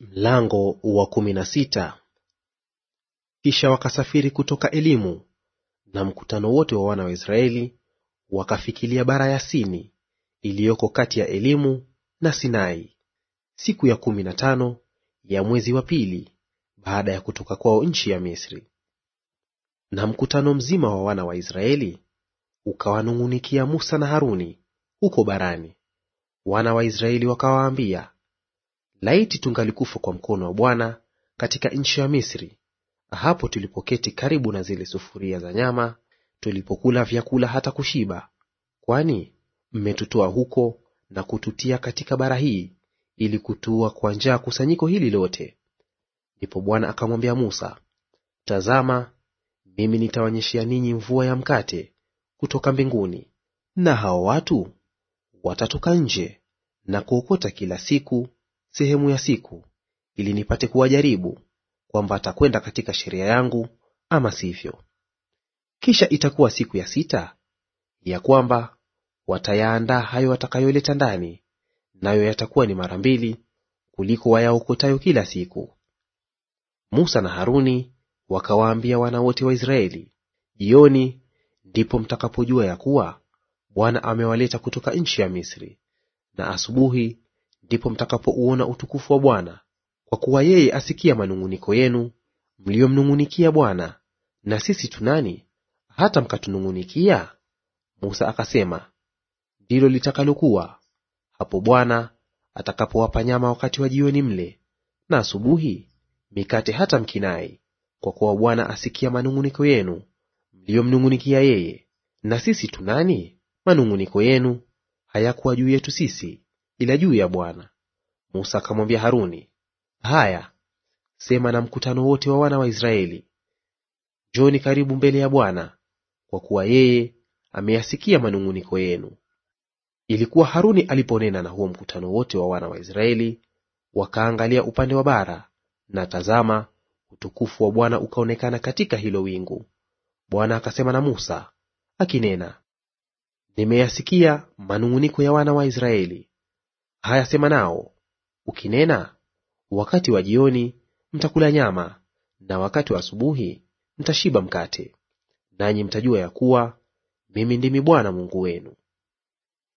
Mlango wa kumi na sita. Kisha wakasafiri kutoka Elimu, na mkutano wote wa wana wa Israeli wakafikilia bara ya Sini iliyoko kati ya Elimu na Sinai, siku ya kumi na tano ya mwezi wa pili baada ya kutoka kwao nchi ya Misri. Na mkutano mzima wa wana wa Israeli ukawanung'unikia Musa na Haruni huko barani. Wana wa Israeli wakawaambia, Laiti tungalikufa kwa mkono wa Bwana katika nchi ya Misri, hapo tulipoketi karibu na zile sufuria za nyama, tulipokula vyakula hata kushiba. Kwani mmetutoa huko na kututia katika bara hii, ili kutuua kwa njaa kusanyiko hili lote. Ndipo Bwana akamwambia Musa, Tazama, mimi nitawanyeshea ninyi mvua ya mkate kutoka mbinguni, na hao watu watatoka nje na kuokota kila siku sehemu ya siku, ili nipate kuwajaribu kwamba atakwenda katika sheria yangu ama sivyo. Kisha itakuwa siku ya sita ya kwamba watayaandaa hayo watakayoleta ndani, nayo yatakuwa ni mara mbili kuliko wayaokotayo kila siku. Musa na Haruni wakawaambia wana wote wa Israeli, jioni ndipo mtakapojua ya kuwa Bwana amewaleta kutoka nchi ya Misri, na asubuhi ndipo mtakapouona utukufu wa Bwana, kwa kuwa yeye asikia manung'uniko yenu mliyomnung'unikia Bwana. Na sisi tunani hata mkatunung'unikia? Musa akasema, ndilo litakalokuwa hapo Bwana atakapowapa nyama wakati wa jioni mle, na asubuhi mikate hata mkinai, kwa kuwa Bwana asikia manung'uniko yenu mliyomnung'unikia yeye. Na sisi tunani? Manung'uniko yenu hayakuwa juu yetu sisi, ila juu ya Bwana. Musa akamwambia Haruni, haya sema na mkutano wote wa wana wa Israeli, njoni karibu mbele ya Bwana, kwa kuwa yeye ameyasikia manung'uniko yenu. Ilikuwa Haruni aliponena na huo mkutano wote wa wana wa Israeli, wakaangalia upande wa bara, na tazama, utukufu wa Bwana ukaonekana katika hilo wingu. Bwana akasema na Musa akinena, nimeyasikia manung'uniko ya wana wa Israeli, hayasema nao ukinena, wakati wa jioni mtakula nyama, na wakati wa asubuhi mtashiba mkate, nanyi mtajua ya kuwa mimi ndimi Bwana Mungu wenu.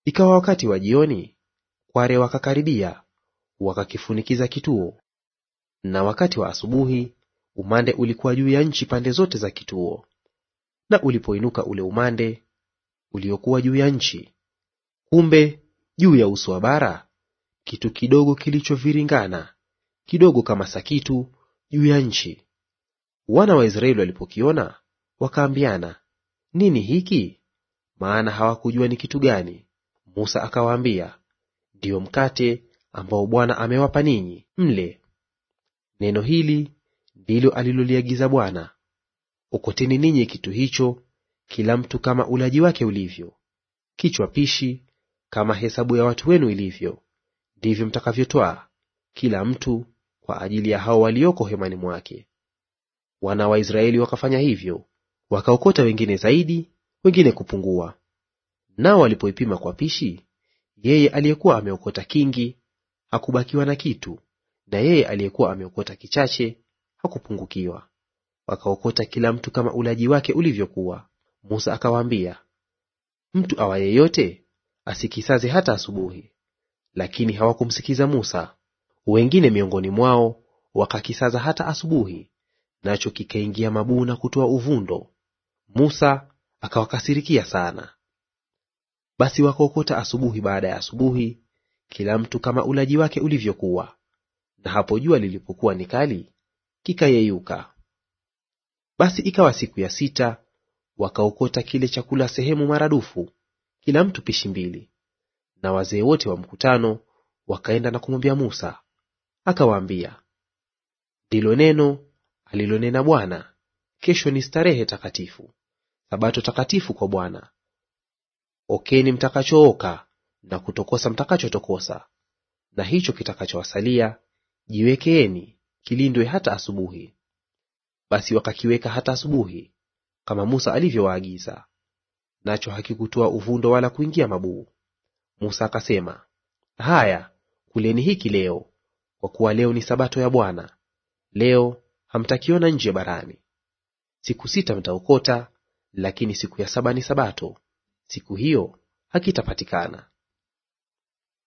Ikawa wakati wa jioni kware wakakaribia, wakakifunikiza kituo, na wakati wa asubuhi umande ulikuwa juu ya nchi pande zote za kituo. Na ulipoinuka ule umande uliokuwa juu ya nchi, kumbe juu ya uso wa bara kitu kidogo kilichoviringana kidogo kama sakitu juu ya nchi. Wana wa Israeli walipokiona wakaambiana, nini hiki? Maana hawakujua ni kitu gani. Musa akawaambia, ndiyo mkate ambao Bwana amewapa ninyi mle. Neno hili ndilo aliloliagiza Bwana, okoteni ninyi kitu hicho, kila mtu kama ulaji wake ulivyo, kichwa pishi kama hesabu ya watu wenu ilivyo ndivyo mtakavyotwaa kila mtu kwa ajili ya hao walioko hemani mwake. Wana wa Israeli wakafanya hivyo, wakaokota wengine zaidi, wengine kupungua. Nao walipoipima kwa pishi, yeye aliyekuwa ameokota kingi hakubakiwa na kitu, na yeye aliyekuwa ameokota kichache hakupungukiwa. Wakaokota kila mtu kama ulaji wake ulivyokuwa. Musa akawaambia, mtu awaye yote asikisaze hata asubuhi lakini hawakumsikiza Musa. Wengine miongoni mwao wakakisaza hata asubuhi, nacho kikaingia mabuu na kutoa uvundo. Musa akawakasirikia sana. Basi wakaokota asubuhi baada ya asubuhi, kila mtu kama ulaji wake ulivyokuwa. Na hapo jua lilipokuwa ni kali, kikayeyuka. Basi ikawa siku ya sita, wakaokota kile chakula sehemu maradufu, kila mtu pishi mbili. Na wazee wote wa mkutano wakaenda na kumwambia Musa. Akawaambia, ndilo neno alilonena Bwana, kesho ni starehe takatifu, sabato takatifu kwa Bwana. Okeni mtakachooka na kutokosa mtakachotokosa, na hicho kitakachowasalia jiwekeeni kilindwe hata asubuhi. Basi wakakiweka hata asubuhi, kama Musa alivyowaagiza, nacho hakikutoa uvundo wala kuingia mabuu. Musa akasema, haya, kuleni hiki leo, kwa kuwa leo ni sabato ya Bwana; leo hamtakiona nje barani. Siku sita mtaokota, lakini siku ya saba ni sabato; siku hiyo hakitapatikana.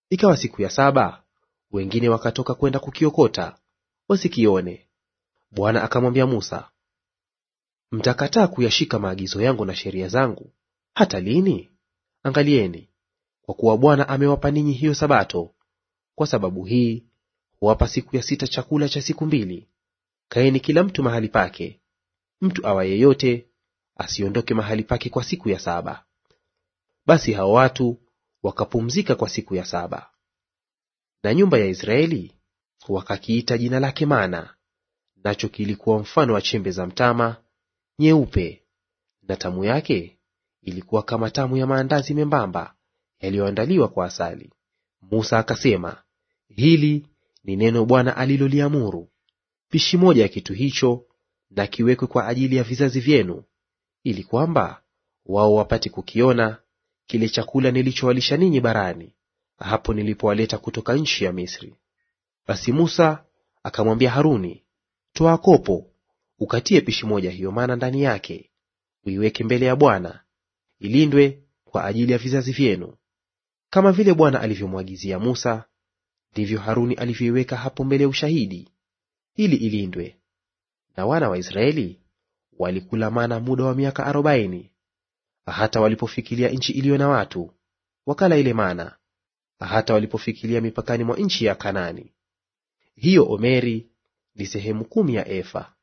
Ikawa siku ya saba wengine wakatoka kwenda kukiokota wasikione. Bwana akamwambia Musa, mtakataa kuyashika maagizo yangu na sheria zangu hata lini? Angalieni, kwa kuwa Bwana amewapa ninyi hiyo Sabato. Kwa sababu hii huwapa siku ya sita chakula cha siku mbili. Kaeni kila mtu mahali pake, mtu awa yeyote asiondoke mahali pake kwa siku ya saba. Basi hao watu wakapumzika kwa siku ya saba. Na nyumba ya Israeli wakakiita jina lake mana, nacho kilikuwa mfano wa chembe za mtama nyeupe, na tamu yake ilikuwa kama tamu ya maandazi membamba yaliyoandaliwa kwa asali. Musa akasema, hili ni neno Bwana aliloliamuru, pishi moja ya kitu hicho na kiwekwe kwa ajili ya vizazi vyenu, ili kwamba wao wapate kukiona kile chakula nilichowalisha ninyi barani, hapo nilipowaleta kutoka nchi ya Misri. Basi Musa akamwambia Haruni, toa kopo ukatie pishi moja hiyo mana ndani yake, uiweke mbele ya Bwana ilindwe kwa ajili ya vizazi vyenu. Kama vile Bwana alivyomwagizia Musa, ndivyo Haruni alivyoiweka hapo mbele ya ushahidi ili ilindwe. Na wana wa Israeli walikula mana muda wa miaka arobaini, hata walipofikilia nchi iliyo na watu wakala ile mana, hata walipofikilia mipakani mwa nchi ya Kanaani. Hiyo Omeri ni sehemu kumi ya efa.